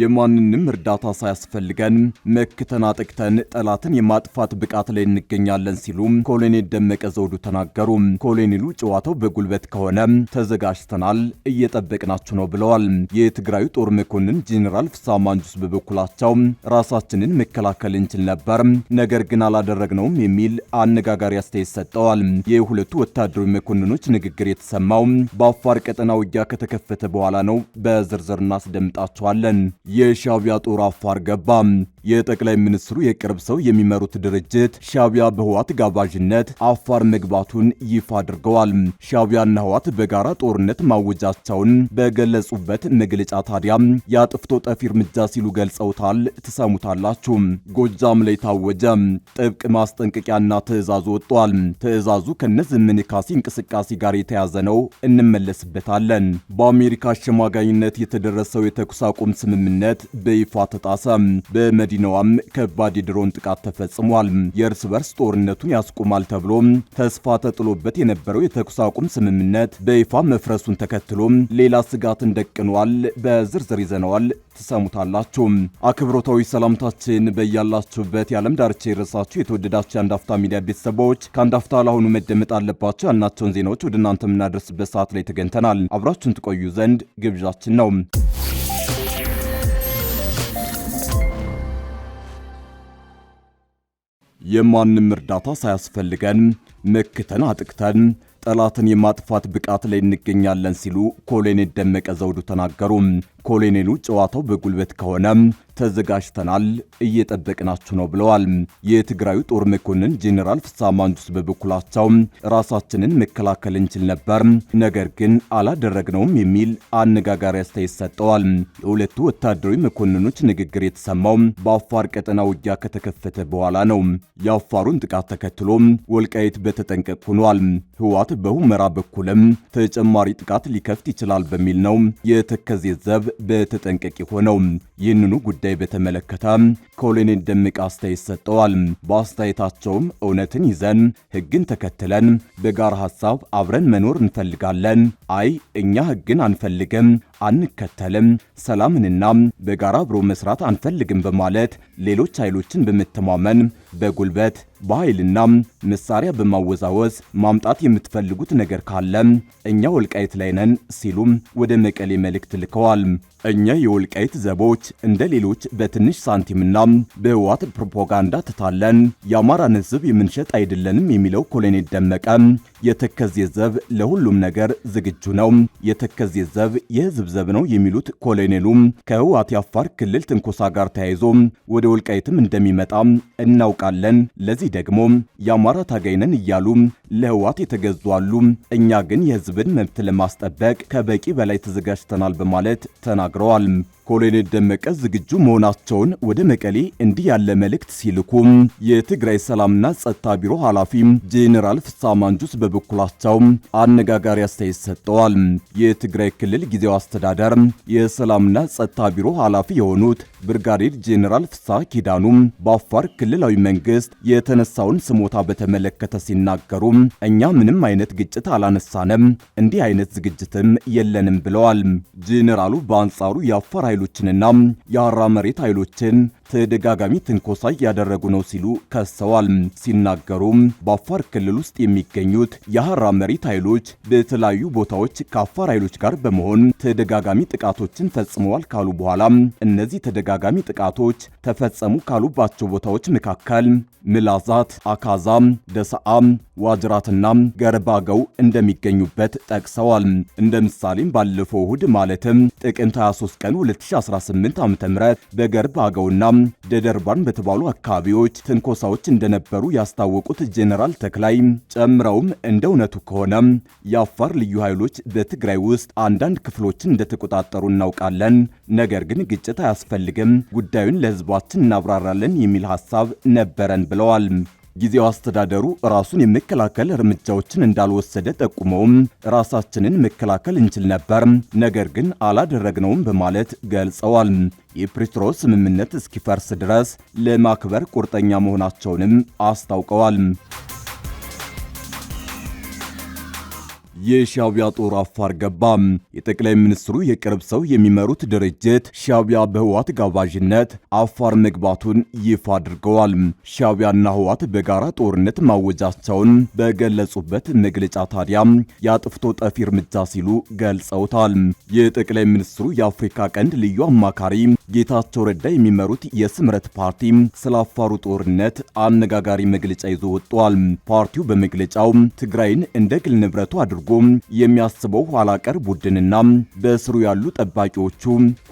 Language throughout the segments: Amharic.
የማንንም እርዳታ ሳያስፈልገን መክተን አጥቅተን ጠላትን የማጥፋት ብቃት ላይ እንገኛለን ሲሉ ኮሎኔል ደመቀ ዘውዱ ተናገሩ። ኮሎኔሉ ጨዋታው በጉልበት ከሆነ ተዘጋጅተናል፣ እየጠበቅናችሁ ነው ብለዋል። የትግራዩ ጦር መኮንን ጄኔራል ፍሳ ማንጁስ በበኩላቸው ራሳችንን መከላከል እንችል ነበር፣ ነገር ግን አላደረግነውም የሚል አነጋጋሪ አስተያየት ሰጠዋል። የሁለቱ ወታደራዊ መኮንኖች ንግግር የተሰማው በአፋር ቀጠና ውጊያ ከተከፈተ በኋላ ነው። በዝርዝር እናስደምጣቸዋለን። የሻቢያ ጦር አፋር ገባ። የጠቅላይ ሚኒስትሩ የቅርብ ሰው የሚመሩት ድርጅት ሻቢያ በህዋት ጋባዥነት አፋር መግባቱን ይፋ አድርገዋል። ሻቢያና ህዋት በጋራ ጦርነት ማወጃቸውን በገለጹበት መግለጫ ታዲያ የአጥፍቶ ጠፊ እርምጃ ሲሉ ገልጸውታል። ትሰሙታላችሁ። ጎጃም ላይ ታወጀ። ጥብቅ ማስጠንቀቂያና ትዕዛዙ ወጥቷል። ትዕዛዙ ከነዘመነ ካሴ እንቅስቃሴ ጋር የተያዘ ነው። እንመለስበታለን። በአሜሪካ አሸማጋኝነት የተደረሰው የተኩስ አቁም ስምምነት በይፋ ተጣሰ። መዲናዋም ከባድ የድሮን ጥቃት ተፈጽሟል። የእርስ በርስ ጦርነቱን ያስቆማል ተብሎ ተስፋ ተጥሎበት የነበረው የተኩስ አቁም ስምምነት በይፋ መፍረሱን ተከትሎ ሌላ ስጋትን ደቅኗል። በዝርዝር ይዘነዋል፣ ትሰሙታላችሁ። አክብሮታዊ ሰላምታችን በያላችሁበት የዓለም ዳርቻ የረሳችሁ የተወደዳችሁ የአንዳፍታ ሚዲያ ቤተሰቦች ከአንዳፍታ ለአሁኑ መደመጥ አለባቸው ያናቸውን ዜናዎች ወደ እናንተ የምናደርስበት ሰዓት ላይ ተገኝተናል። አብራችሁን ትቆዩ ዘንድ ግብዣችን ነው። የማንም እርዳታ ሳያስፈልገን መክተን አጥቅተን ጠላትን የማጥፋት ብቃት ላይ እንገኛለን ሲሉ ኮሎኔል ደመቀ ዘውዱ ተናገሩ። ኮሎኔሉ ጨዋታው በጉልበት ከሆነ ተዘጋጅተናል እየጠበቅናችሁ ነው ብለዋል። የትግራዩ ጦር መኮንን ጄኔራል ፍሳ ማንጁስ በበኩላቸው ራሳችንን መከላከል እንችል ነበር፣ ነገር ግን አላደረግነውም የሚል አነጋጋሪ አስተያየት ሰጠዋል። የሁለቱ ወታደራዊ መኮንኖች ንግግር የተሰማው በአፋር ቀጠና ውጊያ ከተከፈተ በኋላ ነው። የአፋሩን ጥቃት ተከትሎ ወልቃይት በተጠንቀቅ ሆኗል። ህዋት በሁመራ በኩልም ተጨማሪ ጥቃት ሊከፍት ይችላል በሚል ነው የተከዜ ዘብ በተጠንቀቅ ሆነው ይህንኑ ጉዳይ በተመለከተ ኮሎኔል ደምቅ አስተያየት ሰጠዋል። በአስተያየታቸውም እውነትን ይዘን ህግን ተከትለን በጋራ ሀሳብ አብረን መኖር እንፈልጋለን። አይ እኛ ህግን አንፈልግም አንከተልም፣ ሰላምንና በጋራ አብሮ መስራት አንፈልግም በማለት ሌሎች ኃይሎችን በመተማመን በጉልበት በኃይልና መሳሪያ በማወዛወዝ ማምጣት የምትፈልጉት ነገር ካለ እኛ ወልቃይት ላይ ነን ሲሉም ወደ መቀሌ መልእክት ልከዋል። እኛ የወልቃይት ዘቦች እንደ ሌሎች በትንሽ ሳንቲምና በህዋት ፕሮፓጋንዳ ትታለን የአማራን ህዝብ የምንሸጥ አይደለንም የሚለው ኮሎኔል ደመቀ የተከዜ ዘብ ለሁሉም ነገር ዝግጁ ነው፣ የተከዜ ዘብ የህዝብ ዘብ ነው የሚሉት ኮሎኔሉ ከህዋት የአፋር ክልል ትንኮሳ ጋር ተያይዞ ወደ ወልቃይትም እንደሚመጣ እናውቃለን። ለዚህ ደግሞ የአማራ ታጋይነን እያሉ ለህዋት የተገዙ አሉ። እኛ ግን የህዝብን መብት ለማስጠበቅ ከበቂ በላይ ተዘጋጅተናል በማለት ተናግ ተናግረዋል። ኮሎኔል ደመቀ ዝግጁ መሆናቸውን ወደ መቀሌ እንዲህ ያለ መልእክት ሲልኩ የትግራይ ሰላምና ጸጥታ ቢሮ ኃላፊ ጄኔራል ፍሳ ማንጁስ በበኩላቸው አነጋጋሪ አስተያየት ሰጥተዋል። የትግራይ ክልል ጊዜው አስተዳደር የሰላምና ጸጥታ ቢሮ ኃላፊ የሆኑት ብርጋዴር ጄኔራል ፍሳ ኪዳኑ በአፋር ክልላዊ መንግስት የተነሳውን ስሞታ በተመለከተ ሲናገሩ እኛ ምንም አይነት ግጭት አላነሳንም፣ እንዲህ አይነት ዝግጅትም የለንም ብለዋል። ጄኔራሉ በአንጻ የተጻሩ የአፋር ኃይሎችንና የአራ መሬት ኃይሎችን ተደጋጋሚ ትንኮሳ እያደረጉ ነው ሲሉ ከሰዋል። ሲናገሩም በአፋር ክልል ውስጥ የሚገኙት የሐራ መሬት ኃይሎች በተለያዩ ቦታዎች ከአፋር ኃይሎች ጋር በመሆን ተደጋጋሚ ጥቃቶችን ፈጽመዋል ካሉ በኋላ እነዚህ ተደጋጋሚ ጥቃቶች ተፈጸሙ ካሉባቸው ቦታዎች መካከል ምላዛት፣ አካዛም፣ ደሰአም፣ ዋጅራትና ገርባገው እንደሚገኙበት ጠቅሰዋል። እንደ ምሳሌም ባለፈው እሁድ ማለትም ጥቅምት 23 ቀን 2018 ዓ.ም በገርባገውና ደደርባን በተባሉ አካባቢዎች ትንኮሳዎች እንደነበሩ ያስታወቁት ጄኔራል ተክላይ ጨምረውም እንደ እውነቱ ከሆነ የአፋር ልዩ ኃይሎች በትግራይ ውስጥ አንዳንድ ክፍሎችን እንደተቆጣጠሩ እናውቃለን፣ ነገር ግን ግጭት አያስፈልግም፣ ጉዳዩን ለህዝባችን እናብራራለን የሚል ሀሳብ ነበረን ብለዋል። ጊዜው አስተዳደሩ ራሱን የመከላከል እርምጃዎችን እንዳልወሰደ ጠቁመውም ራሳችንን መከላከል እንችል ነበር፣ ነገር ግን አላደረግነውም በማለት ገልጸዋል። የፕሪቶሪያው ስምምነት እስኪፈርስ ድረስ ለማክበር ቁርጠኛ መሆናቸውንም አስታውቀዋል። የሻቢያ ጦር አፋር ገባ። የጠቅላይ ሚኒስትሩ የቅርብ ሰው የሚመሩት ድርጅት ሻቢያ በህዋት ጋባዥነት አፋር መግባቱን ይፋ አድርገዋል። ሻቢያና ህዋት በጋራ ጦርነት ማወጃቸውን በገለጹበት መግለጫ ታዲያ የአጥፍቶ ጠፊ እርምጃ ሲሉ ገልጸውታል። የጠቅላይ ሚኒስትሩ የአፍሪካ ቀንድ ልዩ አማካሪ ጌታቸው ረዳ የሚመሩት የስምረት ፓርቲ ስለ አፋሩ ጦርነት አነጋጋሪ መግለጫ ይዞ ወጥቷል። ፓርቲው በመግለጫው ትግራይን እንደ ግል ንብረቱ አድርጎ የሚያስበው ኋላ ቀር ቡድንና በስሩ ያሉ ጠባቂዎቹ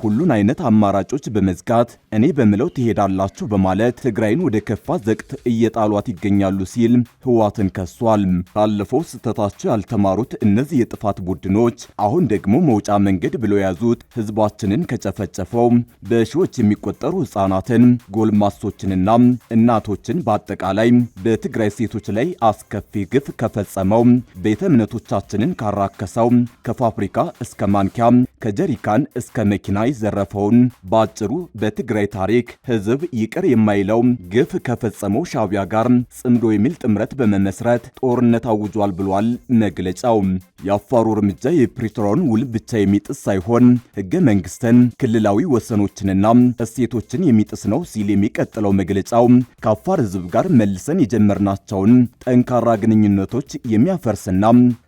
ሁሉን አይነት አማራጮች በመዝጋት እኔ በምለው ትሄዳላችሁ በማለት ትግራይን ወደ ከፋ ዘቅት እየጣሏት ይገኛሉ ሲል ህዋትን ከሷል። ካለፈው ስህተታቸው ያልተማሩት እነዚህ የጥፋት ቡድኖች አሁን ደግሞ መውጫ መንገድ ብለው የያዙት ህዝባችንን ከጨፈጨፈው በሺዎች የሚቆጠሩ ህጻናትን፣ ጎልማሶችንና እናቶችን በአጠቃላይ በትግራይ ሴቶች ላይ አስከፊ ግፍ ከፈጸመው ቤተ እምነቶቻችን ኑሯችንን ካራከሰው ከፋብሪካ እስከ ማንኪያ ከጀሪካን እስከ መኪና ይዘረፈውን በአጭሩ በትግራይ ታሪክ ህዝብ ይቅር የማይለው ግፍ ከፈጸመው ሻቢያ ጋር ጽምዶ የሚል ጥምረት በመመስረት ጦርነት አውጇል ብሏል መግለጫው። የአፋሩ እርምጃ የፕሪቶሪያን ውል ብቻ የሚጥስ ሳይሆን ህገ መንግስትን፣ ክልላዊ ወሰኖችንና እሴቶችን የሚጥስ ነው ሲል የሚቀጥለው መግለጫው ከአፋር ህዝብ ጋር መልሰን የጀመርናቸውን ጠንካራ ግንኙነቶች የሚያፈርስና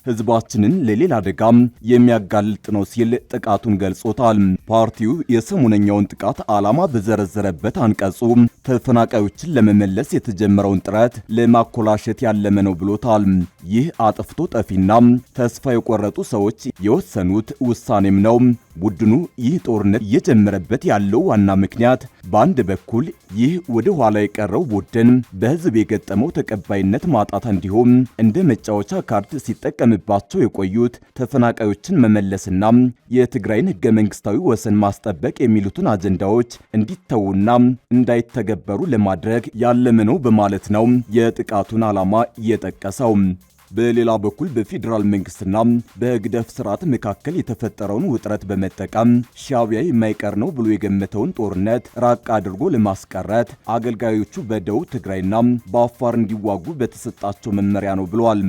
ሕዝባ ህዝባችንን ለሌላ አደጋ የሚያጋልጥ ነው ሲል ጥቃቱን ገልጾታል። ፓርቲው የሰሞነኛውን ጥቃት ዓላማ በዘረዘረበት አንቀጹ ተፈናቃዮችን ለመመለስ የተጀመረውን ጥረት ለማኮላሸት ያለመ ነው ብሎታል። ይህ አጥፍቶ ጠፊና ተስፋ የቆረጡ ሰዎች የወሰኑት ውሳኔም ነው ቡድኑ ይህ ጦርነት እየጀመረበት ያለው ዋና ምክንያት በአንድ በኩል ይህ ወደ ኋላ የቀረው ቡድን በህዝብ የገጠመው ተቀባይነት ማጣት እንዲሁም እንደ መጫወቻ ካርድ ሲጠቀምባቸው የቆዩት ተፈናቃዮችን መመለስና የትግራይን ህገ መንግስታዊ ወሰን ማስጠበቅ የሚሉትን አጀንዳዎች እንዲተዉና እንዳይተገበሩ ለማድረግ ያለመ ነው በማለት ነው የጥቃቱን ዓላማ እየጠቀሰው። በሌላ በኩል በፌዴራል መንግስትና በህግደፍ ስርዓት መካከል የተፈጠረውን ውጥረት በመጠቀም ሻቢያ የማይቀር ነው ብሎ የገመተውን ጦርነት ራቅ አድርጎ ለማስቀረት አገልጋዮቹ በደቡብ ትግራይና በአፋር እንዲዋጉ በተሰጣቸው መመሪያ ነው ብለዋል።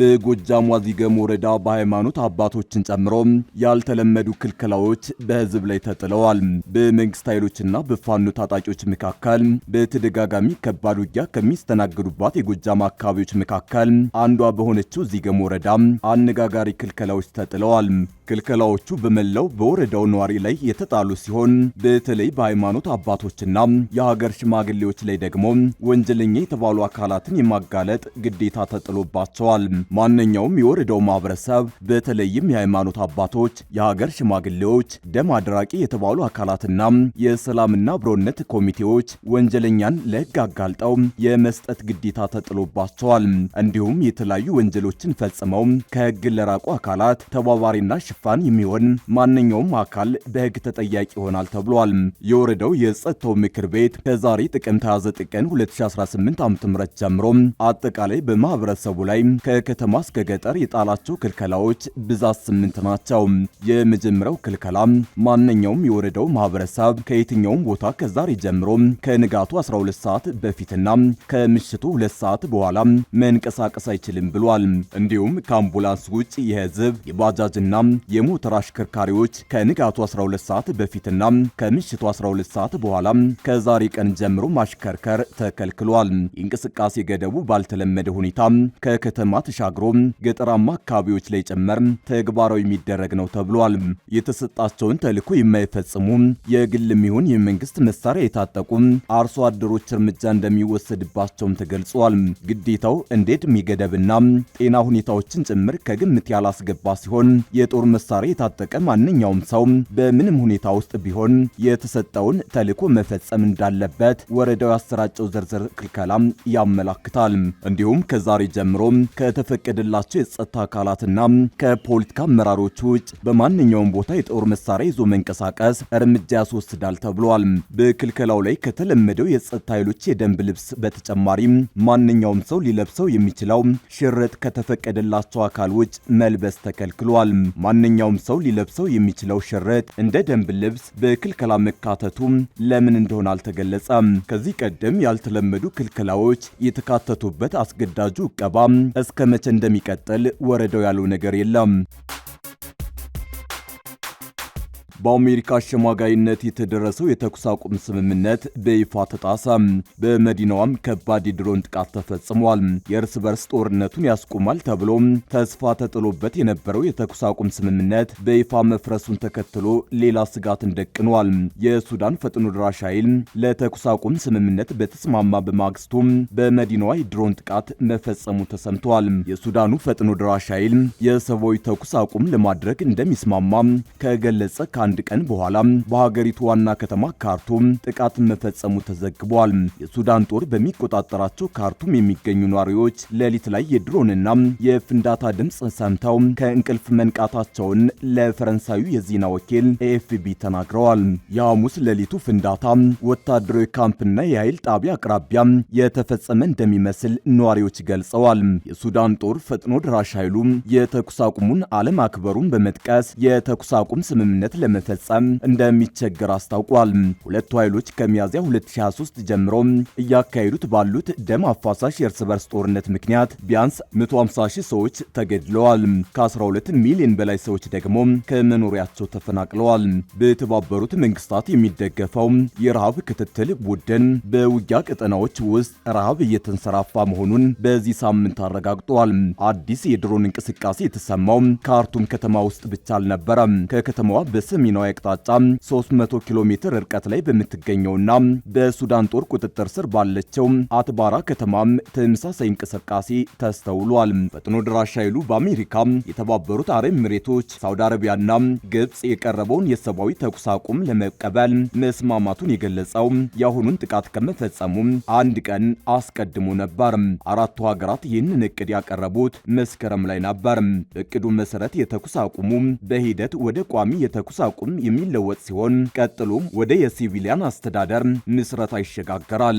በጎጃም ዋዚገም ወረዳ በሃይማኖት አባቶችን ጨምሮ ያልተለመዱ ክልክላዎች በህዝብ ላይ ተጥለዋል። በመንግስት ኃይሎችና በፋኖ ታጣቂዎች መካከል በተደጋጋሚ ከባድ ውጊያ ከሚስተናገዱባት የጎጃም አካባቢዎች መካከል አንዷ በሆነችው ዚገም ወረዳ አነጋጋሪ ክልከላዎች ተጥለዋል። ክልከላዎቹ በመላው በወረዳው ነዋሪ ላይ የተጣሉ ሲሆን በተለይ በሃይማኖት አባቶችና የሀገር ሽማግሌዎች ላይ ደግሞ ወንጀለኛ የተባሉ አካላትን የማጋለጥ ግዴታ ተጥሎባቸዋል። ማንኛውም የወረዳው ማህበረሰብ በተለይም የሃይማኖት አባቶች፣ የሀገር ሽማግሌዎች፣ ደም አድራቂ የተባሉ አካላትና የሰላምና አብሮነት ኮሚቴዎች ወንጀለኛን ለህግ አጋልጠው የመስጠት ግዴታ ተጥሎባቸዋል። እንዲሁም የተለያዩ ወንጀሎችን ፈጽመው ከህግ ለራቁ አካላት ተባባሪና ያጠፋን የሚሆን ማንኛውም አካል በህግ ተጠያቂ ይሆናል ተብሏል። የወረዳው የጸጥታው ምክር ቤት ከዛሬ ጥቅምት 29 ቀን 2018 ም ጀምሮ አጠቃላይ በማህበረሰቡ ላይ ከከተማ እስከ ገጠር የጣላቸው ክልከላዎች ብዛት ስምንት ናቸው። የመጀመሪያው ክልከላ ማንኛውም የወረዳው ማህበረሰብ ከየትኛውም ቦታ ከዛሬ ጀምሮ ከንጋቱ 12 ሰዓት በፊትና ከምሽቱ 2 ሰዓት በኋላ መንቀሳቀስ አይችልም ብሏል። እንዲሁም ከአምቡላንስ ውጭ የህዝብ የባጃጅና የሞተር አሽከርካሪዎች ከንጋቱ 12 ሰዓት በፊትና ከምሽቱ 12 ሰዓት በኋላ ከዛሬ ቀን ጀምሮ ማሽከርከር ተከልክሏል። የእንቅስቃሴ ገደቡ ባልተለመደ ሁኔታ ከከተማ ተሻግሮ ገጠራማ አካባቢዎች ላይ ጭምር ተግባራዊ የሚደረግ ነው ተብሏል። የተሰጣቸውን ተልዕኮ የማይፈጽሙ የግል የሚሆን የመንግስት መሳሪያ የታጠቁ አርሶ አደሮች እርምጃ እንደሚወሰድባቸውም ተገልጿል። ግዴታው እንደ ዕድሜ ገደብና ጤና ሁኔታዎችን ጭምር ከግምት ያላስገባ ሲሆን የጦር መሳሪያ የታጠቀ ማንኛውም ሰው በምንም ሁኔታ ውስጥ ቢሆን የተሰጠውን ተልዕኮ መፈጸም እንዳለበት ወረዳው ያሰራጨው ዝርዝር ክልከላም ያመላክታል። እንዲሁም ከዛሬ ጀምሮ ከተፈቀደላቸው የጸጥታ አካላትና ከፖለቲካ አመራሮች ውጭ በማንኛውም ቦታ የጦር መሳሪያ ይዞ መንቀሳቀስ እርምጃ ያስወስዳል ተብሏል። በክልከላው ላይ ከተለመደው የጸጥታ ኃይሎች የደንብ ልብስ በተጨማሪም ማንኛውም ሰው ሊለብሰው የሚችለው ሽርጥ ከተፈቀደላቸው አካል ውጭ መልበስ ተከልክሏል። ማንኛውም ሰው ሊለብሰው የሚችለው ሽርጥ እንደ ደንብ ልብስ በክልከላ መካተቱም ለምን እንደሆነ አልተገለጸም። ከዚህ ቀደም ያልተለመዱ ክልከላዎች የተካተቱበት አስገዳጁ ቀባ እስከ መቼ እንደሚቀጥል ወረዳው ያለው ነገር የለም። በአሜሪካ አሸማጋይነት የተደረሰው የተኩስ አቁም ስምምነት በይፋ ተጣሰ። በመዲናዋም ከባድ የድሮን ጥቃት ተፈጽሟል። የእርስ በርስ ጦርነቱን ያስቆማል ተብሎ ተስፋ ተጥሎበት የነበረው የተኩስ አቁም ስምምነት በይፋ መፍረሱን ተከትሎ ሌላ ስጋትን ደቅኗል። የሱዳን ፈጥኖ ድራሽ ኃይል ለተኩስ አቁም ስምምነት በተስማማ በማግስቱ በመዲናዋ የድሮን ጥቃት መፈጸሙ ተሰምቷል። የሱዳኑ ፈጥኖ ድራሽ ኃይል የሰብአዊ ተኩስ አቁም ለማድረግ እንደሚስማማ ከገለጸ ከአንድ ቀን በኋላ በሀገሪቱ ዋና ከተማ ካርቱም ጥቃት መፈጸሙ ተዘግቧል። የሱዳን ጦር በሚቆጣጠራቸው ካርቱም የሚገኙ ነዋሪዎች ሌሊት ላይ የድሮንና የፍንዳታ ድምፅ ሰምተው ከእንቅልፍ መንቃታቸውን ለፈረንሳዩ የዜና ወኪል ኤኤፍቢ ተናግረዋል። የሐሙስ ሌሊቱ ፍንዳታ ወታደራዊ ካምፕና የኃይል ጣቢያ አቅራቢያ የተፈጸመ እንደሚመስል ነዋሪዎች ገልጸዋል። የሱዳን ጦር ፈጥኖ ድራሽ ኃይሉ የተኩስ አቁሙን አለማክበሩን በመጥቀስ የተኩስ አቁም ስምምነት ለመ ለመፈጸም እንደሚቸገር አስታውቋል። ሁለቱ ኃይሎች ከሚያዝያ 2023 ጀምሮ እያካሄዱት ባሉት ደም አፋሳሽ የእርስ በርስ ጦርነት ምክንያት ቢያንስ 150 ሺህ ሰዎች ተገድለዋል። ከ12 ሚሊዮን በላይ ሰዎች ደግሞ ከመኖሪያቸው ተፈናቅለዋል። በተባበሩት መንግስታት የሚደገፈው የረሃብ ክትትል ቡድን በውጊያ ቀጠናዎች ውስጥ ረሃብ እየተንሰራፋ መሆኑን በዚህ ሳምንት አረጋግጧል። አዲስ የድሮን እንቅስቃሴ የተሰማው ካርቱም ከተማ ውስጥ ብቻ አልነበረም። ከከተማዋ በሰሜ በሰሜናዊ አቅጣጫ 300 ኪሎ ሜትር ርቀት ላይ በምትገኘውና በሱዳን ጦር ቁጥጥር ስር ባለችው አትባራ ከተማ ተመሳሳይ እንቅስቃሴ ተስተውሏል። ፈጥኖ ድራሽ ኃይሉ በአሜሪካ፣ የተባበሩት አረብ ኤምሬቶች፣ ሳውዲ አረቢያና ግብጽ የቀረበውን የሰብአዊ ተኩስ አቁም ለመቀበል መስማማቱን የገለጸው የአሁኑን ጥቃት ከመፈጸሙ አንድ ቀን አስቀድሞ ነበር። አራቱ ሀገራት ይህንን እቅድ ያቀረቡት መስከረም ላይ ነበር። እቅዱ መሰረት የተኩስ አቁሙ በሂደት ወደ ቋሚ የተኩስ አቁም አቁም የሚለወጥ ሲሆን ቀጥሎም ወደ የሲቪሊያን አስተዳደር ምስረታ ይሸጋገራል።